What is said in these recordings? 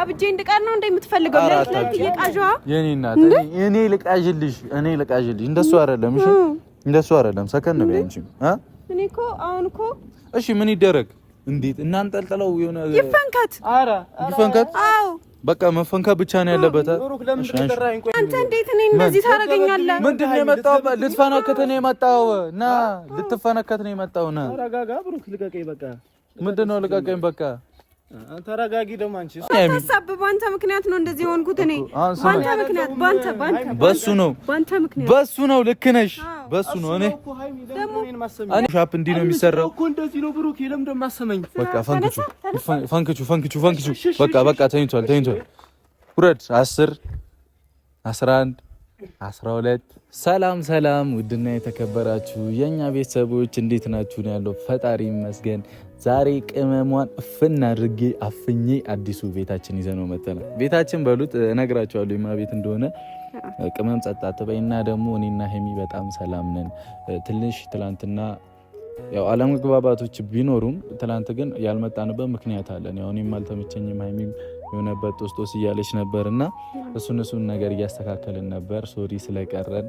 አብጄ እንድቀር ነው የምትፈልገው? ለእለት የቃዣ የኔ እናት እኔ ልቃዥልሽ እኔ ልቃዥልሽ እንደሱ አይደለም እሺ እንደሱ አይደለም ሰከን ነው እንጂ አ እኔ እኮ አሁን እኮ እሺ ምን ይደረግ እንዴት እናንጠልጥለው የሆነ ይፈንከት ኧረ ይፈንከት አዎ በቃ መፈንከት ብቻ ነው ያለበት። አንተ እንዴት እኔ እንደዚህ ታደርገኛለህ? ምንድን ነው የመጣው? ልትፈነክት ነው የመጣው ና ልትፈነከት ነው የመጣው እና ምንድን ነው ልቀቀኝ በቃ ተረጋጊ። ደግሞ አንቺ ታሳብ በአንተ ምክንያት ነው እንደዚህ የሆንኩት እኔ በአንተ ምክንያት በአንተ በአንተ በሱ ነው በአንተ ምክንያት በሱ ነው። ልክ ነሽ። በሱ ነው። እኔ እኔ ሻፕ እንዲህ ነው የሚሰራው እኮ እንደዚህ ነው። ብሩክ የለም እንደማሰመኝ በቃ ፈንክቹ ፈንክቹ ፈንክቹ ፈንክቹ በቃ በቃ ተኝቷል፣ ተኝቷል። ውረድ። አስር አስራ አንድ አስራ ሁለት ሰላም ሰላም፣ ውድና የተከበራችሁ የእኛ ቤተሰቦች እንዴት ናችሁ? ነው ያለው። ፈጣሪ ይመስገን ዛሬ ቅመሟን እፍን አድርጌ አፍኜ አዲሱ ቤታችን ይዘነው መተናል። ቤታችን በሉት እነግራቸዋለሁ የማ ቤት እንደሆነ ቅመም ጸጣ ትበይና ደግሞ እኔና ሄሚ በጣም ሰላም ነን። ትንሽ ትላንትና ያው አለመግባባቶች ቢኖሩም ትላንት ግን ያልመጣንበት ምክንያት አለን። ያው እኔም አልተመቸኝም ሀይሚም የሆነበት ጦስጦስ እያለች ነበር እና እሱን እሱን ነገር እያስተካከልን ነበር። ሶሪ ስለቀረን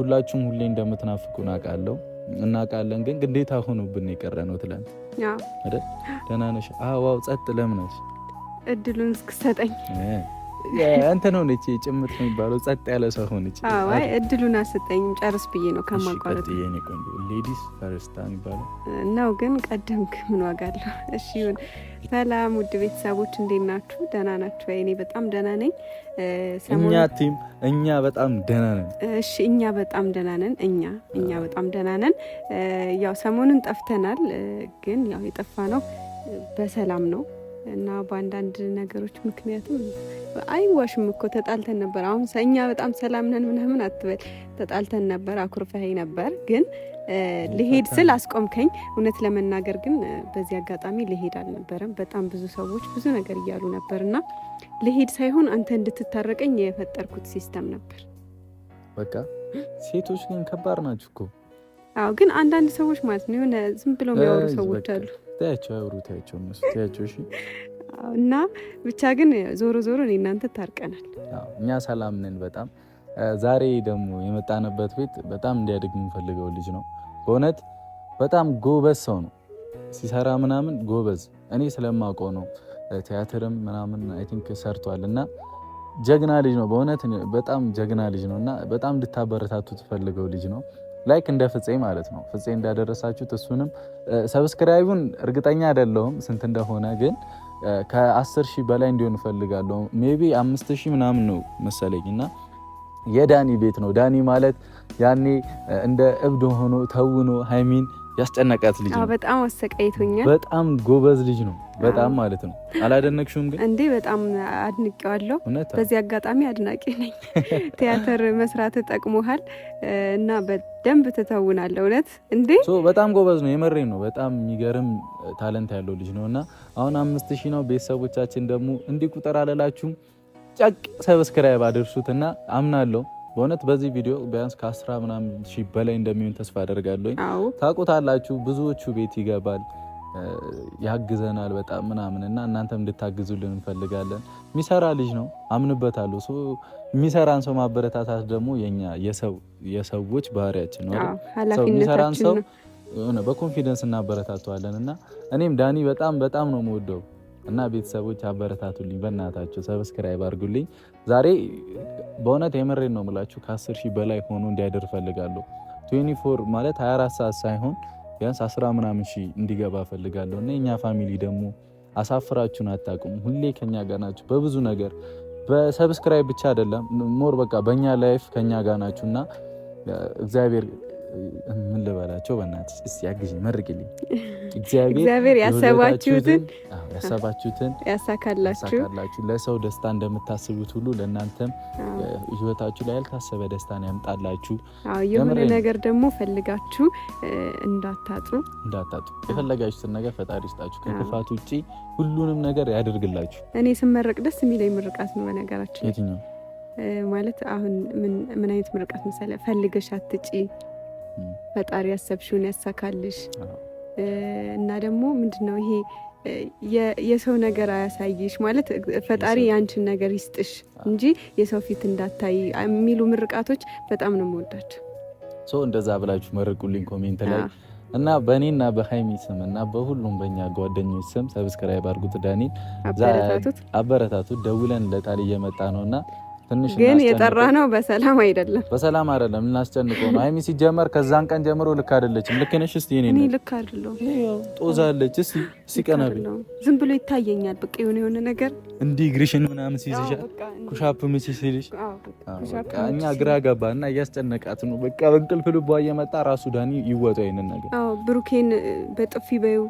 ሁላችሁም ሁሌ እንደምትናፍቁን አውቃለሁ እናውቃለን፣ ግን ግዴታ ሆኖብን የቀረ ነው ትላንት ደህና ነሽ? አዎ። ጸጥ ለምነሽ እድሉን እስክሰጠኝ አንተ ነው ነች ጭምት የሚባለው። ጸጥ ያለ ሰው ሆነች። አይ እድሉን አሰጠኝም ጨርስ ብዬ ነው ከማቋረጥ የኔ ቆንጆ ሌዲስ ፈርስታ የሚባለው ነው። ግን ቀደምክ ምን ዋጋ አለው? እሺ ይሁን። ሰላም ውድ ቤተሰቦች እንዴት ናችሁ? ደህና ናችሁ? እኔ በጣም ደህና ነኝ። እኛ ቲም እኛ በጣም ደህና ነን። እሺ እኛ በጣም ደህና ነን። እኛ እኛ በጣም ደህና ነን። ያው ሰሞኑን ጠፍተናል፣ ግን ያው የጠፋ ነው በሰላም ነው እና በአንዳንድ ነገሮች ምክንያትም አይዋሽም እኮ ተጣልተን ነበር። አሁን እኛ በጣም ሰላም ነን ምናምን አትበል። ተጣልተን ነበር፣ አኩርፈኸኝ ነበር። ግን ልሄድ ስል አስቆምከኝ። እውነት ለመናገር ግን በዚህ አጋጣሚ ልሄድ አልነበረም። በጣም ብዙ ሰዎች ብዙ ነገር እያሉ ነበር እና ልሄድ ሳይሆን አንተ እንድትታረቀኝ የፈጠርኩት ሲስተም ነበር። በቃ ሴቶች ግን ከባድ ናችሁ እኮ አዎ ግን አንዳንድ ሰዎች ማለት ነው የሆነ ዝም ብለው የሚያወሩ ሰዎች አሉ። ታያቸው ያወሩ ታያቸው እነሱ ታያቸው። እሺ እና ብቻ ግን ዞሮ ዞሮ እኔ እናንተ ታርቀናል። እኛ ሰላም ነን በጣም። ዛሬ ደግሞ የመጣንበት ቤት በጣም እንዲያድግ የምንፈልገው ልጅ ነው። በእውነት በጣም ጎበዝ ሰው ነው። ሲሰራ ምናምን ጎበዝ እኔ ስለማውቀው ነው። ቲያትርም ምናምን አይ ቲንክ ሰርቷል እና ጀግና ልጅ ነው። በእውነት በጣም ጀግና ልጅ ነው እና በጣም እንድታበረታቱ ትፈልገው ልጅ ነው። ላይክ እንደ ፍፄ ማለት ነው። ፍፄ እንዳደረሳችሁት እሱንም ሰብስክራይቡን እርግጠኛ አይደለሁም ስንት እንደሆነ ግን ከአስር ሺህ በላይ እንዲሆን እፈልጋለሁ። ቢ አምስት ሺህ ምናምን ነው መሰለኝ እና የዳኒ ቤት ነው። ዳኒ ማለት ያኔ እንደ እብድ ሆኖ ተውኖ ሀይሚን ያስጨነቃት ልጅ ነው። በጣም አሰቃይቶኛል። በጣም ጎበዝ ልጅ ነው። በጣም ማለት ነው። አላደነቅሽውም? ግን እንዴ በጣም አድንቄዋለሁ። በዚህ አጋጣሚ አድናቂ ነኝ። ቲያትር መስራት ጠቅሞሃል እና በደንብ ትተውናለህ። እውነት እንዴ በጣም ጎበዝ ነው። የመሬ ነው። በጣም የሚገርም ታለንት ያለው ልጅ ነው እና አሁን አምስት ሺህ ነው። ቤተሰቦቻችን ደግሞ እንዲህ ቁጥር አለላችሁም ጨቅ ሰብስክራይብ አድርሱት እና አምናለሁ በእውነት በዚህ ቪዲዮ ቢያንስ ከአስራ ምናምን ሺህ በላይ እንደሚሆን ተስፋ አደርጋለኝ። ታውቁታላችሁ፣ ብዙዎቹ ቤት ይገባል፣ ያግዘናል በጣም ምናምን እና እናንተም እንድታግዙልን እንፈልጋለን። የሚሰራ ልጅ ነው አምንበታለሁ። የሚሰራን ሰው ማበረታታት ደግሞ የኛ የሰዎች ባህሪያችን ነው። የሚሰራን ሰው በኮንፊደንስ እናበረታተዋለን እና እኔም ዳኒ በጣም በጣም ነው የምወደው እና ቤተሰቦች አበረታቱልኝ፣ በእናታቸው ሰብስክራይብ አድርጉልኝ። ዛሬ በእውነት የምሬን ነው የምላችሁ ከ10 ሺህ በላይ ሆኖ እንዲያደር እፈልጋለሁ። 24 ማለት 24 ሰዓት ሳይሆን ቢያንስ 10 ምናምን ሺህ እንዲገባ እፈልጋለሁ እና የኛ ፋሚሊ ደግሞ አሳፍራችሁን አታውቁም። ሁሌ ከኛ ጋር ናችሁ በብዙ ነገር በሰብስክራይብ ብቻ አይደለም ሞር በቃ በእኛ ላይፍ ከኛ ጋር ናችሁ እና እግዚአብሔር ምን ልበላቸው? በእናትሽ እስኪ አግዢኝ፣ መርቅልኝ። እግዚአብሔር ያሰባችሁትን ያሰባችሁትን ያሳካላችሁ። ለሰው ደስታ እንደምታስቡት ሁሉ ለእናንተም ህይወታችሁ ላይ ያልታሰበ ደስታን ያምጣላችሁ። የሆነ ነገር ደግሞ ፈልጋችሁ እንዳታጡ እንዳታጡ፣ የፈለጋችሁትን ነገር ፈጣሪ ይስጣችሁ፣ ከክፋት ውጭ ሁሉንም ነገር ያደርግላችሁ። እኔ ስመረቅ ደስ የሚለኝ ምርቃት ነው። በነገራችን የትኛው ማለት አሁን ምን አይነት ምርቃት መሰለህ? ፈልገሽ አትጪ ፈጣሪ ያሰብሽውን ያሳካልሽ እና ደግሞ ምንድነው ይሄ የሰው ነገር አያሳይሽ ማለት ፈጣሪ የአንችን ነገር ይስጥሽ እንጂ የሰው ፊት እንዳታይ የሚሉ ምርቃቶች በጣም ነው የምወዳቸው። ሰው እንደዛ ብላችሁ መርቁልኝ ኮሜንት ላይ እና በእኔና በሀይሚ ስም እና በሁሉም በእኛ ጓደኞች ስም ሰብስክራይብ አድርጉት፣ ዳኒል አበረታቱት፣ ደውለን ለታል እየመጣ ነው እና ግን የጠራ ነው በሰላም አይደለም፣ በሰላም አይደለም። እናስጨንቀው ነው አይሚ። ሲጀመር ከዛን ቀን ጀምሮ ልክ አይደለችም። ልክ ነሽ? እስቲ እኔ ነኝ ልክ አይደለሁም። ጦዛለች። እስቲ ሲቀናብ ዝም ብሎ ይታየኛል። በቃ የሆነ የሆነ ነገር እንዲህ እግርሽን ምናምን ሲይዝሻ ኩሻፕ ምስ ሲልሽ፣ እኛ ግራ ገባ እና እያስጨነቃት ነው። በቃ በእንቅልፍ ልቧ እየመጣ ራሱ ዳኒ ይወጣ ይንን ነገር አዎ፣ ብሩኬን በጥፊ በዩ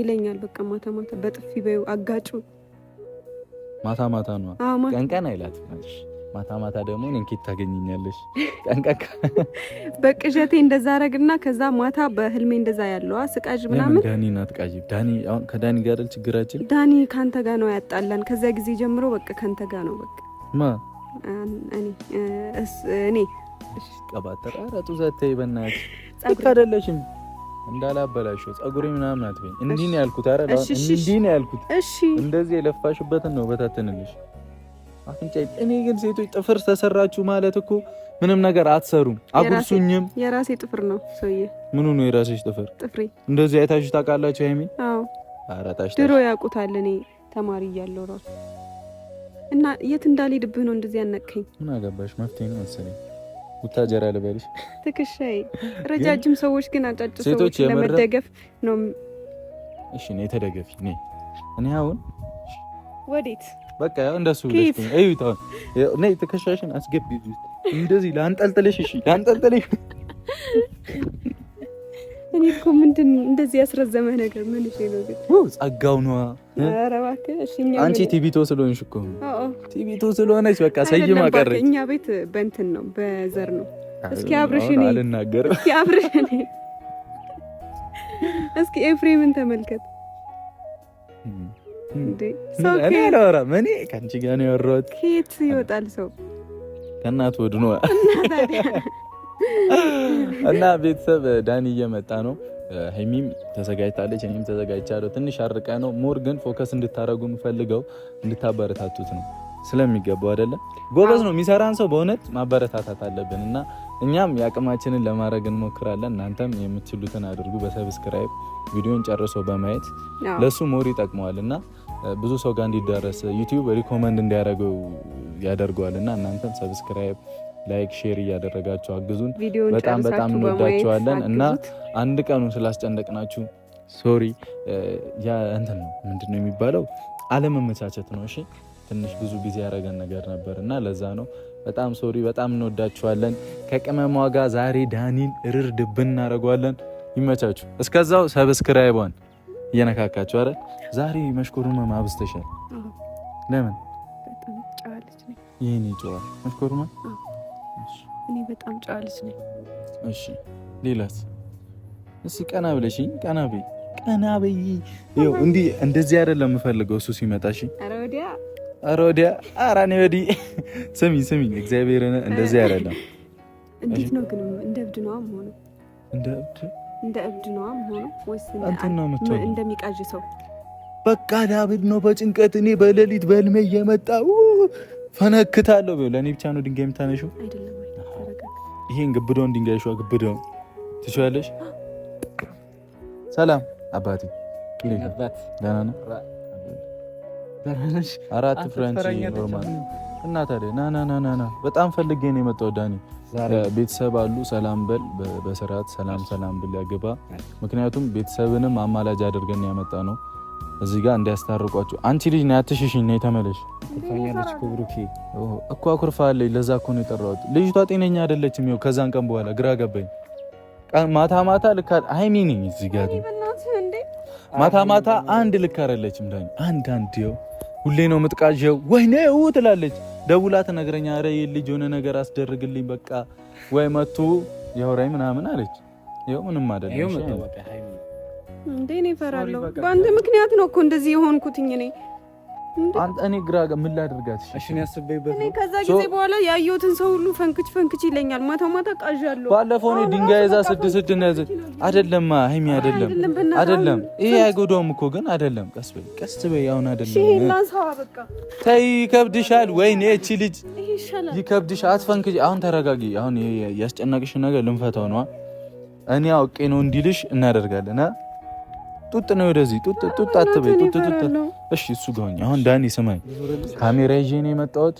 ይለኛል። በቃ ማታ ማታ በጥፊ በዩ አጋጩ። ማታ ማታ ነው፣ ቀን ቀን አይላትም ማታ ማታ ደግሞ እንኪት ታገኝኛለሽ። ጠንቀቅ በቅዠቴ እንደዛ አረግና ከዛ ማታ በህልሜ እንደዛ ያለዋ ስቃዥ ምናምን ዳኒ ናት ቃዥ ዳኒ አሁን ከዳኒ ጋር አይደል ችግራችን? ዳኒ ካንተ ጋር ነው ያጣላን። ከዛ ጊዜ ጀምሮ በቃ ካንተ ጋር ነው በቃ ማ እኔ እኔ ቀባጠር አረጡ ዘተይ በእናትሽ ልክ አይደለሽም። እንዳላበላሽው ጸጉሬ ምናምን አትበኝ። እንዲህ ነው ያልኩት። አረ እንዲህ ነው ያልኩት። እሺ እንደዚህ የለፋሽበትን ነው በታተንልሽ አፍንጫ እኔ ግን ሴቶች ጥፍር ተሰራችሁ ማለት እኮ ምንም ነገር አትሰሩም። አጉርሱኝም የራሴ ጥፍር ነው ሰውዬ። ምኑ ነው የራሴሽ ጥፍር? ጥፍሬ እንደዚህ አይታችሁ ታውቃላችሁ? ሀይሚ አራታሽ ድሮ ያውቁታል። እኔ ተማሪ እያለሁ ራሱ እና የት እንዳልሄድብህ ነው እንደዚህ ያነቀኝ። ምን አገባሽ? መፍትሄ ነው መሰለኝ ቡታጀራ ልበልሽ። ትክሻዬ ረጃጅም ሰዎች ግን አጫጭ ሰዎች ለመደገፍ ነው። እሺ ነይ ተደገፊ። ነይ እኔ አሁን ወዴት በቃ እንደሱ ትከሻሽን አስገቢ እንደዚህ ላንጠልጥልሽ። እሺ ላንጠልጥልሽ። እኔ እኮ ምንድን እንደዚህ ያስረዘመህ ነገር ምን እሺ ነው ግን? ጸጋው ነዋ። ኧረ እባክህ እሺ። አንቺ ቲቪቶ ስለሆንሽ እኮ ቲቪቶ ስለሆነች በቃ ሰይማ ቀረች። እኛ ቤት በእንትን ነው በዘር ነው። እስኪ አብርሽ እኔ እስኪ አብርሽ እስኪ ኤፍሬምን ተመልከት እኔ አላወራም። እኔ ከአንቺ ጋር ነው ያወራሁት። ከየት ይወጣል ሰው ከእናት ወድ ነው። እና ቤተሰብ ዳኒ እየመጣ ነው። ሀይሚም ተዘጋጅታለች፣ እኔም ተዘጋጅቻለሁ። ትንሽ አርቀ ነው ሞር ግን ፎከስ እንድታደረጉ የምፈልገው እንድታበረታቱት ነው ስለሚገባው አይደለም። ጎበዝ ነው የሚሰራን ሰው በእውነት ማበረታታት አለብን እና እኛም የአቅማችንን ለማድረግ እንሞክራለን። እናንተም የምትችሉትን አድርጉ። በሰብስክራይብ ቪዲዮን ጨርሶ በማየት ለእሱ ሞር ይጠቅመዋል እና ብዙ ሰው ጋር እንዲዳረስ ዩቲዩብ ሪኮመንድ እንዲያደርገው ያደርገዋል እና እናንተም ሰብስክራይብ፣ ላይክ፣ ሼር እያደረጋችሁ አግዙን። በጣም በጣም እንወዳችኋለን እና አንድ ቀኑ ስላስጨነቅናችሁ ሶሪ። እንትን ነው ምንድን ነው የሚባለው አለመመቻቸት ነው። እሺ ትንሽ ብዙ ጊዜ ያደረገን ነገር ነበር እና ለዛ ነው በጣም ሶሪ፣ በጣም እንወዳችኋለን። ከቅመሟ ጋር ዛሬ ዳኒን እርር ድብን እናደርገዋለን። ይመቻችሁ። እስከዛው ሰብስክራይቧን እየነካካችሁ አረ ዛሬ መሽኮርማ ማብስተሻል። ለምን ይህን ይጨዋል? መሽኮርማ እኔ በጣም ጨዋ ነኝ። እሺ ሌላት እስ ቀና ብለሽ ቀና በይ፣ ቀና በይ። እንደዚህ አይደለም የምፈልገው እሱ ሲመጣ። እሺ ኧረ ወዲያ ሮዲያ ወዲያ ኧረ እኔ ወዲህ ስሚ ስሚ፣ እግዚአብሔርን እንደዚህ አይደለም። እንዴት ነው ግን? እንደ እብድ ነዋ ሆኖ እንደ እብድ እንደ እብድ ነዋ የምሆነው ወይስ እንደሚቃዥ ሰው? በቃ ዳብድ ነው በጭንቀት እኔ በሌሊት በህልሜ እየመጣ ፈነክታለሁ ብሎ ለእኔ ብቻ ነው ድንጋይ የምታነሺው? ይሄን ግብደውን ድንጋይ ሸዋ ግብደውን ትችላለሽ። ሰላም አባቴ፣ ደህና ነው አራት ፍራንች ኖርማል እና ታዲያ ና በጣም ፈልጌ ነው የመጣው። ዳኒ ቤተሰብ አሉ ሰላም በል በስርዓት ሰላም ሰላም ብል ያገባ። ምክንያቱም ቤተሰብንም አማላጅ አድርገን ያመጣ ነው እዚህ ጋር እንዲያስታርቋቸው። አንቺ ልጅ ና ያትሽሽኝ ና የተመለሽ እኮ አኩርፋ አለኝ። ለዛ እኮ ነው የጠራሁት። ልጅቷ ጤነኛ አይደለችም። ይኸው ከዛን ቀን በኋላ ግራ ገባኝ። ማታ ማታ ልካ ሀይሚ ነኝ እዚህ ጋር ማታ ማታ አንድ ልክ አይደለችም ዳኒ። አንድ አንድ ይኸው ሁሌ ነው የምትቃዠው። ወይኔ ው ትላለች ደውላ ትነግረኛ፣ ረ ልጅ የሆነ ነገር አስደርግልኝ በቃ ወይ መቱ የውራይ ምናምን አለች። ይኸው ምንም አይደለም እንዴ። እኔ እፈራለሁ። በአንድ ምክንያት ነው እኮ እንደዚህ የሆንኩትኝ እኔ እኔ ግራ ምን ላድርጋት? እሺ እኔ አስቤበት እኔ ከዛ ጊዜ በኋላ ያየሁትን ሰው ሁሉ ፈንክች ፈንክች ይለኛል። ማታ ማታ ቃዣለሁ። ባለፈው እኔ ድንጋይ እዛ ስድስት ስድስት ነዝ አይደለም፣ ሀይሚ አይደለም፣ አይደለም። ይሄ አይጎዳውም እኮ ግን አይደለም። ቀስ በይ፣ ቀስ በይ። አሁን አይደለም። እሺ እና ሰው በቃ ተይ፣ ይከብድሻል። ወይኔ እቺ ልጅ ይከብድሽ። አትፈንክች። አሁን ተረጋጊ። አሁን ያስጨናቅሽ ነገር ልንፈታው ነው። እኔ አውቄ ነው እንዲልሽ እናደርጋለን። አ ጡጥ ነው ወደዚህ ጡጥ ጡጥ አትበይ ጡጥ ጡጥ እሺ እሱ ጋር አሁን ዳኒ ስማኝ ካሜራ ይዤ ነው የመጣሁት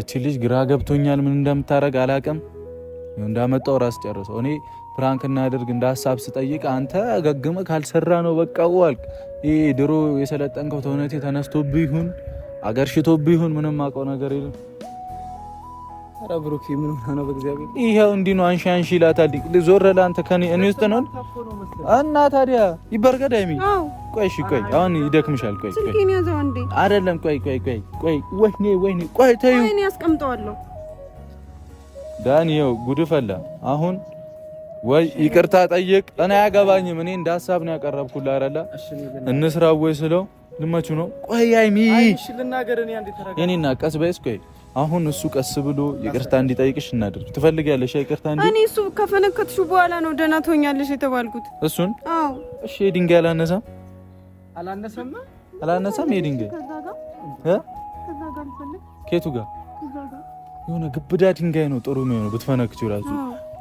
እቺ ልጅ ግራ ገብቶኛል ምን እንደምታረግ አላውቅም እንዳመጣው ራስ ጨርሰው እኔ ፕራንክ እናድርግ እንደ ሀሳብ ስጠይቅ አንተ ገግመ ካልሰራ ነው በቃ ዋልክ ይሄ ድሮ የሰለጠንከው ተውነቴ ተነስቶብህ ይሁን አገርሽቶብህ ይሁን ምንም አውቀው ነገር የለም ኧረ ብሩኬ ምን ሆነ ነው? በእግዚአብሔር ይሄው እንዲህ ነው። አንሺ አንሺ ይላታል። ዞር ለአንተ ከኔ እኔ ውስጥ ነው እና ታዲያ ይበርገድ አይሚ። ቆይ እሺ፣ ቆይ አሁን ይደክምሻል። ቆይ ቆይ አይደለም። ቆይ ቆይ ቆይ ቆይ ወይኔ ወይኔ፣ ቆይ ተይው። እኔ አስቀምጠዋለሁ። ዳኒ ይኸው ጉድ ፈላ አሁን። ወይ ይቅርታ ጠይቅ። እኔ አያገባኝም። እኔ እንደ ሀሳብ ነው ያቀረብኩልህ አይደለ? እንስራ ወይ ስለው ልመቹ ነው። ቆይ አይሚ፣ እሺ ልናገር። እኔ አንዴ ተረጋጋ። የኔና ቀስ በይስ። ቆይ አሁን እሱ ቀስ ብሎ ይቅርታ እንዲጠይቅሽ እናደርግ። ትፈልጊያለሽ? ይቅርታ እንዲ እኔ እሱ ከፈነከትሽ በኋላ ነው ደህና ትሆኛለሽ የተባልኩት። እሱን አዎ፣ እሺ። የድንጋይ አላነሳም አላነሳም አላነሳም። የድንጋይ ከየቱ ጋር የሆነ ግብዳ ድንጋይ ነው ጥሩ የሚሆነው ብትፈነክቱ ራሱ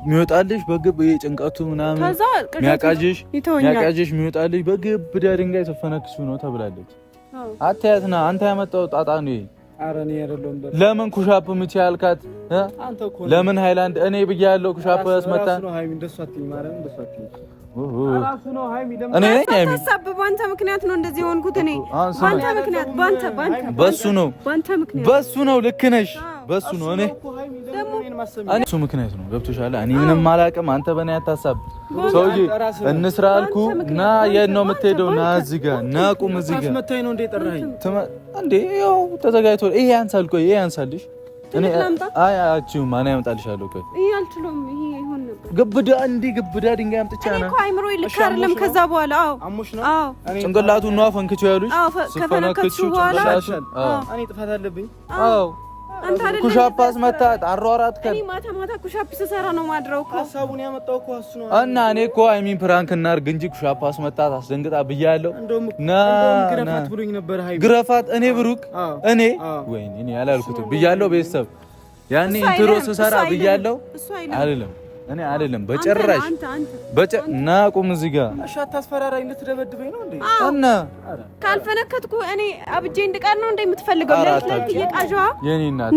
የሚወጣልሽ በግብ የጭንቀቱ ምናምን የሚያቃጅሽ የሚያቃጅሽ የሚወጣልሽ በግብዳ ድንጋይ ስትፈነክሱ ነው ተብላለች። አትያትና አንተ ያመጣው ጣጣ ነው። ለምን ኩሻፕ ምት ያልካት? ለምን ሃይላንድ እኔ ብዬ ያለው ኩሻፕ ያስመታ እኔ በአንተ ምክንያት ነው እንደዚህ የሆንኩት። እኔ በአንተ ምክንያት በአንተ በአንተ በሱ ነው በሱ ነው። ልክ ነሽ። በሱ ነው። እኔ እኔ እሱ ምክንያት ነው። ገብቶሻል። እኔ ምንም አላውቅም። አንተ በእኔ አታሳብ። ሰውዬ እንስራ አልኩህ እና የት ነው የምትሄደው? ና እዚህ ጋር ና ቁም። እዚህ ጋር እንዴ ያው ይሄ ያንሳል። ቆይ ይሄ ያንሳልሽ። እኔ አይ አችሁም እኔ አመጣልሻለሁ። ቆይ ይሄ አልችለውም። ይሄ ይሁን ነበር ግብዳ እንዴ ግብዳ ድንጋይ አምጥቻ ነው እኮ አይምሮ ልክ አይደለም። ከዛ በኋላ አዎ አሞሽ ነው። አዎ ጭንቅላቱ ነው ፈንክቹ ያሉሽ። አዎ ከፈነከቹ በኋላ እኔ ጥፋት አለብኝ። አዎ ኩሻፕ አስመታት አሯራት ከ እኔ ማታ ማታ ኩሻፕ ስሰራ ነው ማድረው እኮ ሀሳቡን ያመጣው እኮ እሱ ነው። እና እኔ እኮ አይሚን ፕራንክ እናድርግ እንጂ ኩሻፕ አስመታት አስደንግጣ ብያለሁ። ና ግረፋት ብሎኝ ነበር። ሃይ ግረፋት። እኔ ብሩክ እኔ ወይኔ እኔ ያላልኩት ብያለሁ። ቤተሰብ ያኔ ኢንትሮ ስሰራ ብያለሁ። አይደለም እኔ አይደለም በጨራሽ በጨ ና ቁም እዚህ ጋር እሺ። አታስፈራራኝ። ልትደበድበኝ ነው እንዴ? እና ካልፈነከትኩ እኔ አብጄ እንድቀር ነው እንዴ የምትፈልገው? ለሊት ላይ የኔ እናት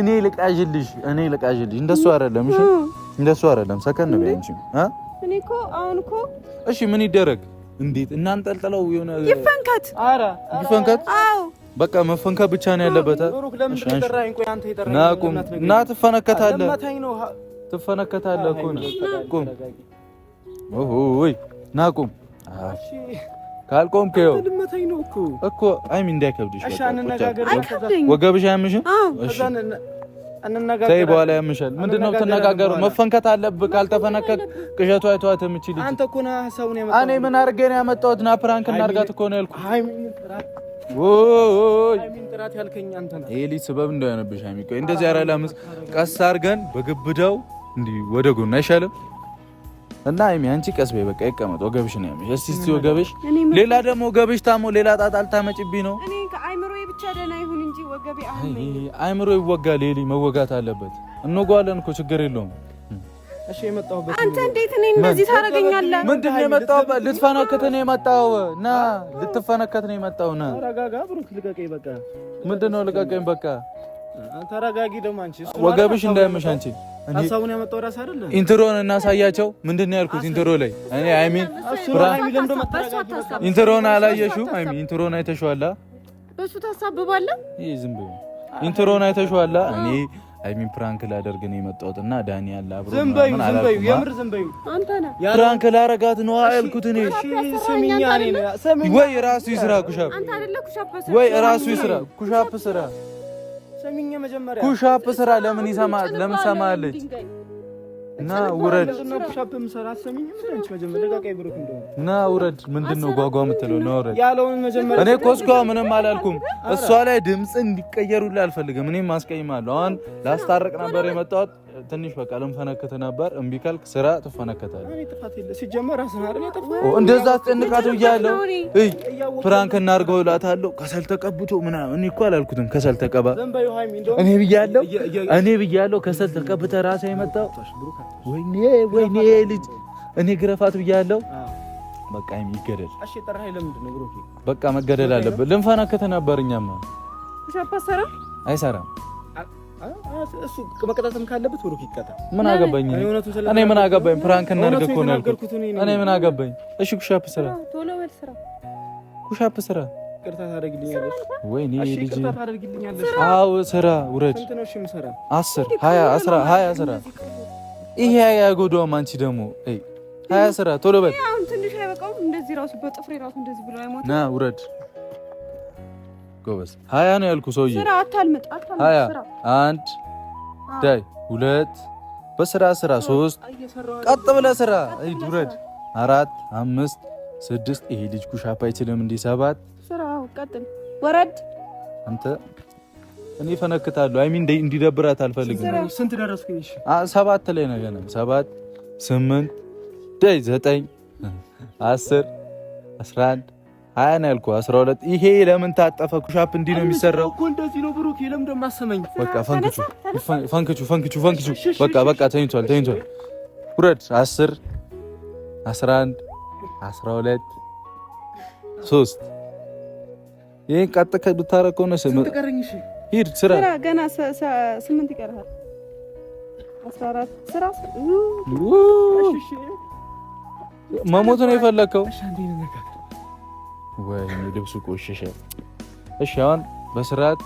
እኔ ልቃዥልሽ፣ እኔ ልቃዥልሽ። እንደሱ አይደለም እሺ፣ እንደሱ አይደለም። ሰከን ነው እንጂ አ እኔ እኮ አሁን እኮ እሺ፣ ምን ይደረግ? እንዴት እናንጠልጥለው? የሆነ ይፈንከት። ኧረ ይፈንከት። አዎ በቃ መፈንከት ብቻ ነው ያለበት። ና ቁም፣ ና ትፈነከታለህ። ትፈነከታለህ እኮ ነው። ቁም ወይ ና ቁም። ካልቆምክ ይኸው እኮ አይሚ እንዳይከብድሽ ወገብሽ አያምሽም። ተይ በኋላ ያምሻል። ምንድን ነው የምትነጋገሩ? መፈንከት አለብህ። ካልተፈነከት ቅዠቷ አይተዋት የምችል አንተ እኮ ነህ ሀሳቡን ያመጣሁት እኔ ምን አድርጌ ነው ያመጣሁት? ና ፕራንክ እናድርጋት እኮ ነው ያልኩህ። ይሄ ልጅ ስበብ እንዳይሆንብሽ አይሚ፣ ቆይ እንደዚህ ኧረ ቀስ አድርገን በግብደው እንዲህ ወደ ጎን አይሻልም? እና አይሚ አንቺ ቀስ በይ በቃ ይቀመጥ፣ ወገብሽ ነው ያምሽ። እስቲ እስቲ ወገብሽ፣ ሌላ ደግሞ ወገብሽ ታሞ ሌላ ጣጣ አልታመጭብኝ ነው። እኔ ከአይምሮዬ ብቻ ደህና ይሁን እንጂ ወገቤ አሁን አይምሮ ይወጋል። ሌሊ መወጋት አለበት። እንወጋለን እኮ ችግር የለውም። እሺ የመጣሁበት አንተ እንዴት እኔ እንደዚህ ታደርገኛለህ? ምንድን ነው የመጣሁበት? ልትፈነክት ነው የመጣው ና ልትፈነከት ነው የመጣው ና ተረጋጋ። ብሩክ ልቀቀኝ በቃ። ምንድን ነው ልቀቀኝ በቃ። ተረጋጊ ደግሞ አንቺ ወገብሽ እንዳይመሽ አንቺ ሀሳቡን ያመጣው ራስ አይደለ? ኢንትሮን እናሳያቸው። ምንድን ነው ያልኩት? ኢንትሮ ላይ እኔ አይሚን ኢንትሮን አላየሽውም? አይሚን ኢንትሮን አይተሽዋላ? በሱ ታሳብባለህ። ይሄ ዝም ብሎ ኢንትሮን አይተሽዋላ? እኔ አይሚን ፕራንክ ላደርግ ነው የመጣሁት እና ዳኒ ያለ አብሮ ዝም በይ፣ ዝም በይ፣ የምር ዝም በይ። አንተ ነህ ፕራንክ ላረጋት ነው ያልኩት እኔ። ስሚኛ፣ እኔ ወይ ራሱ ይስራ ኩሻፕ አንተ አይደለ ኩሻፕ ወይ ራሱ ይስራ ኩሻፕ ስራ ሰሚኛ መጀመሪያ ኩሻፕ ስራ ለምን ይሰማል? ለምን ሰማለች? ና ውረድ ና ውረድ። ምንድን ነው ጓጓ የምትለው? ና ውረድ። እኔ ኮስኳ ምንም አላልኩም። እሷ ላይ ድምፅ እንዲቀየሩልህ አልፈልግም። እኔም ማስቀይማለሁ። አሁን ላስታርቅ ነበር የመጣሁት ትንሽ በቃ ልንፈነክት ነበር። እምቢ ካልክ ስራ ትፈነከታለህ። ሲጀመር እንደዛ አስጨንቃት ብያለሁ። ፍራንክ እናድርገው እላታለሁ። ከሰል ተቀብቶ ምናምን እኮ አላልኩትም። ከሰል ተቀባ እኔ ብያለሁ፣ እኔ ብያለሁ። ከሰል ተቀብተህ ራስህ የመጣው ወይኔ ወይኔ ልጅ እኔ ግረፋት ብያለሁ። በቃ ይገደል፣ በቃ መገደል አለብን። ልንፈነክት ነበር እኛማ አይሰራም እሱ መቀጣትም ካለበት ብሩክ ይቀጣ። ምን አገባኝ እኔ ምን አገባኝ? ፕራንክ እናድርግ እኮ ነው ያልኩት። እኔ ምን አገባኝ? እሺ ኩሻፕ ስራ፣ ቶሎ በል ስራ፣ ኩሻፕ ስራ። ይቅርታ ታደርግልኛለሽ? ወይኔ ልጅ አዎ፣ ስራ ውረድ። አስር ሀያ አስራ ሀያ ስራ። ይሄ ሀያ አንቺ ደግሞ ሀያ ስራ፣ ቶሎ በል። ና ውረድ ጎበዝ ሀያ ነው ያልኩ ሰውዬ። ሀያ አንድ ዳይ ሁለት በስራ ስራ ሶስት ቀጥ ብለ ስራ ውረድ አራት አምስት ስድስት ይሄ ልጅ ኩሻፕ አይችልም። እንዲህ ሰባት ወረድ አንተ እኔ ፈነክታለሁ። አይሚን እንዲደብራት አልፈልግም። ስንት ደረስኩኝ? ሰባት ላይ ነገ ነው። ሰባት ስምንት ዳይ ዘጠኝ አስር አስራ አንድ አያን ያልኩህ አስራ ይሄ ለምን ታጠፈ? ኩሻፕ እንዲህ ነው የሚሰራው እኮ እንደዚህ ነው ብሩክ። ለምን ደግሞ አሰማኝ። በቃ ፈንክቹ ፈንክቹ ፈንክቹ ፈንክቹ በቃ በቃ ተኝቷል፣ ተኝቷል። ውረድ። አስር አስራ አንድ አስራ ይሄን ቀጥ ብታረግ ከሆነ ሂድ ስራ ገና ስምንት ይቀርሃል። መሞት ነው የፈለግከው ወይ ልብሱ ቆሸሸ። እሺ አሁን በስርዓት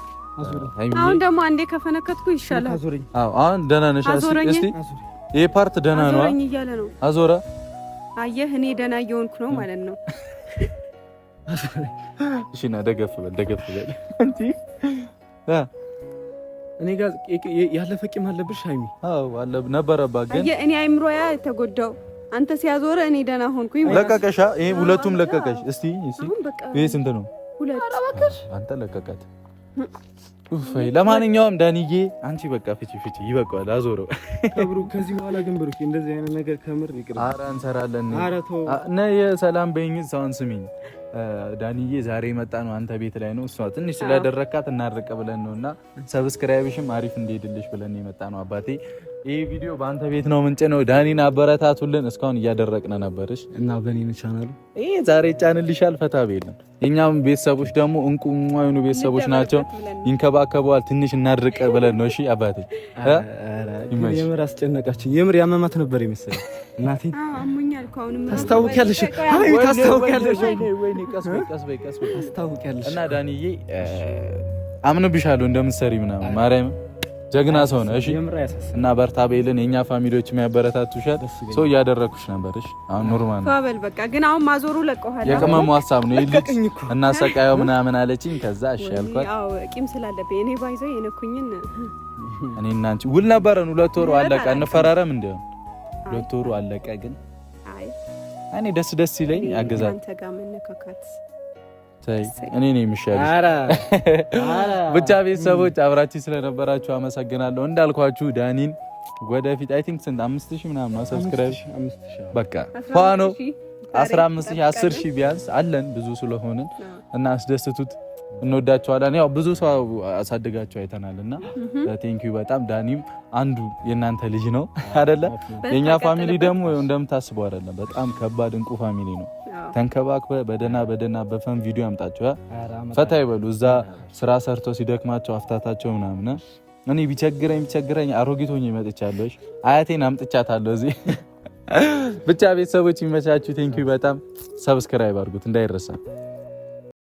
አሁን ደግሞ አንዴ ከፈነከትኩ ይሻላል። አዎ አሁን ደህና ነሽ? እስቲ ይሄ ፓርት ደህና ነው። አዞረኝ እያለ ነው። አዞረ። አየህ፣ እኔ ደህና እየሆንኩ ነው ማለት ነው። እሺ ና ደገፍ በል ደገፍ በል እንጂ እኔ ጋር ያለፈ ቂም አለብሽ ሃይሚ? አዎ አለ ነበረባት፣ ግን እኔ አይምሮያ ተጎዳው አንተ ሲያዞረ እኔ ደህና ሆንኩኝ። ለቀቀሻ ይሄ ሁለቱም ለቀቀሽ። እስቲ እስቲ ይሄ ስንት ነው? አንተ ለቀቀት። ለማንኛውም ዳንዬ አንቺ በቃ ፍቺ ፍቺ ይበቃዋል። አዞረው ከብሩ። ከዚህ በኋላ ግን ብሩ እንደዚህ አይነት ነገር ከምር ይቅር። ኧረ እንሰራለን። ኧረ ተው እና የሰላም በይኝ። ሰውን ስሚኝ ዳንዬ ዛሬ መጣ ነው አንተ ቤት ላይ ነው። እሷ ትንሽ ስለደረካት እናድርቅ ብለን ነው እና ሰብስክራይብሽም አሪፍ እንዲሄድልሽ ብለን የመጣ ነው አባቴ ይህ ቪዲዮ በአንተ ቤት ነው፣ ምንጭ ነው። ዳኒን አበረታቱልን። እስካሁን እያደረቅን ነበርሽ እና በኔ ቻናሉ ይህ ዛሬ ጫንልሻል። ፈታ ቤልን የእኛም ቤተሰቦች ደግሞ እንቁ የሆኑ ቤተሰቦች ናቸው፣ ይንከባከበዋል። ትንሽ እናድርቅ ብለን ነው። እሺ አባቴ፣ የምር አስጨነቃችን። የምር ያመማት ነበር የመሰለኝ እናቴ። ታስታውቂያለሽ፣ ታስታውቂያለሽ፣ ታስታውቂያለሽ እና ዳኒዬ አምንብሻለሁ እንደምትሰሪ ምናምን ማርያም ጀግና ሰው ነው። እሺ እና በርታ በይልን የኛ ፋሚሊዎች የሚያበረታቱሻል። ሰው እያደረኩሽ ነበር። እሺ አሁን ኖርማል ነው። ተበል በቃ ግን አሁን ማዞሩ ለቀኋላ። የቅመሙ ሀሳብ ነው ይልቅ እና ሰቃዩ ምናምን አለችኝ። ከዛ እሺ አልኳት። ያው ቂም ስላለብኝ እኔ ባይዞ የነኩኝን እኔ እና አንቺ ውል ነበረን። ሁለት ወሩ አለቀ። እንፈራረም እንደ ሁለት ወሩ አለቀ። ግን አይ እኔ ደስ ደስ ይለኝ አገዛት አንተ ጋር መነካካት እኔ ነው የሚሻል። ብቻ ቤተሰቦች አብራችሁ ስለነበራችሁ አመሰግናለሁ። እንዳልኳችሁ ዳኒን ወደፊት አይ ቲንክ ስንት አምስት ሺህ ምናምን ነው ሰብስክራይብ በቃ ፋኖ አስራ አምስት ሺህ አስር ሺህ ቢያንስ አለን ብዙ ስለሆንን እና አስደስቱት። እንወዳቸዋለን። ያው ብዙ ሰው አሳድጋቸው አይተናል እና ዩ በጣም ዳኒም አንዱ የእናንተ ልጅ ነው አይደለ? የእኛ ፋሚሊ ደግሞ እንደምታስበው አይደለም። በጣም ከባድ እንቁ ፋሚሊ ነው። ተንከባክበ በደና በደና በፈን ቪዲዮ ያምጣቸው ፈታ ይበሉ። እዛ ስራ ሰርቶ ሲደክማቸው አፍታታቸው ምናምን እኔ ቢቸግረኝ ቢቸግረኝ አሮጊት ሆኜ መጥቻለሁ። አያቴን አምጥቻታለሁ እዚህ። ብቻ ቤተሰቦች ይመቻችሁ። ቴንኪዩ በጣም ሰብስክራይብ አድርጉት እንዳይረሳ።